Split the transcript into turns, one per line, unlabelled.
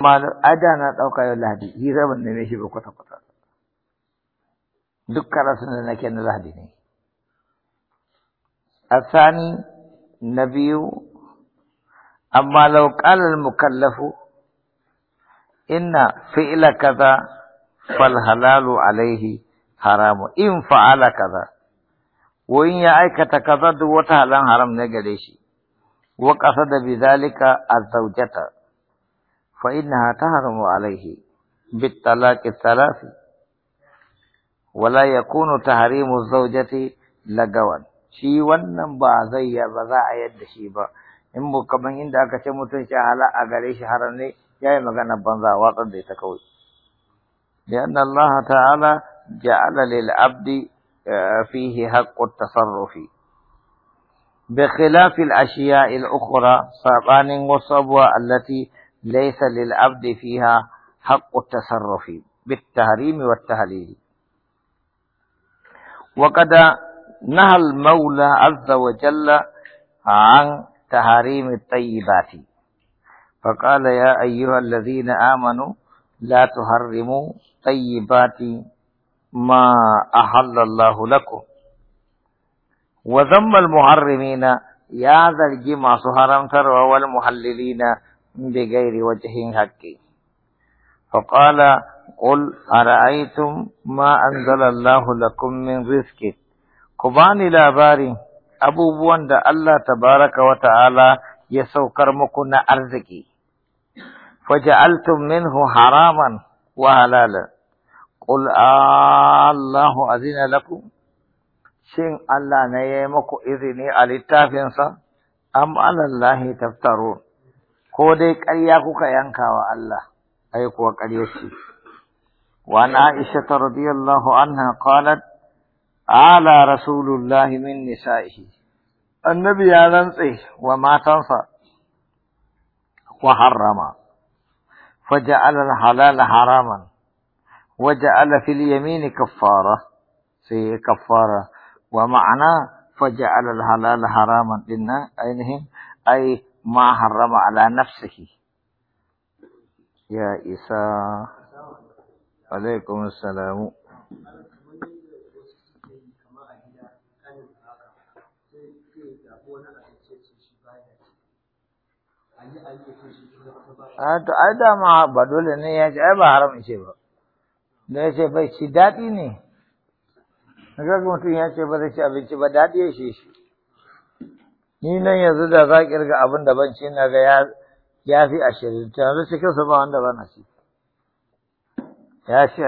a da ɗauka yau lahadi hira ban neme shi ba kwata kwata duk karatun da nake na lahadi ne الثاني نبي أما لو قال المكلف إن فعل كذا
فالحلال
عليه حرام إن فعل كذا وإن يأيكت كذا دوتها لن حرام نجريشي وقصد بذلك الزوجة فإنها تحرم عليه بالطلاق الثلاث ولا يكون تحريم الزوجة لغوان شي ونن ba zai ya ba za a yadda إن ba in mu kaman inda aka ce mutum shi hala a gare shi haram ne yayi magana banza لأن الله تعالى جعل للعبد آه، فيه حق التصرف بخلاف الأشياء الأخرى صابان وصبوة التي ليس للعبد فيها حق التصرف بالتحريم والتهليل وقد نهى المولى عز وجل عن تحريم الطيبات فقال يا أيها الذين آمنوا لا تحرموا طيبات ما أحل الله لكم وذم المحرمين يا ذا الجمع سهرا فروى والمحللين بغير وجه حق فقال قل أرأيتم ما أنزل الله لكم من رزق كباني باري أبو دا الله تبارك وتعالى يسوكر مكنا أرزقي فجعلتم منه حراما وحلالا قل آه، الله أذن لكم شين الله na اذني yi أم izini الله تفترون ko dai ƙarya kuka yankawa Allah ai kuwa ƙarya ce وعن عائشة رضي الله عنها قالت على رسول الله من نسائه النبي ينصح وما تنصى وحرم فجعل الحلال حراما وجعل في اليمين كفارة في كفارة ومعنى فجعل الحلال حراما لنا أينهم أي ma harrama ala nafsihi ya isa alaikum salamu to ai dama ba dole ne ya ce ai ba haram ce ba da ya ce bai ci daɗi ne ga mutum ya ce ba zai ci abinci ba daɗi ya shi shi ni nan yanzu da za ki riga abin da ban ci na ga ya ya fi ashirin yanzu cikin su ba wanda ba na ya ci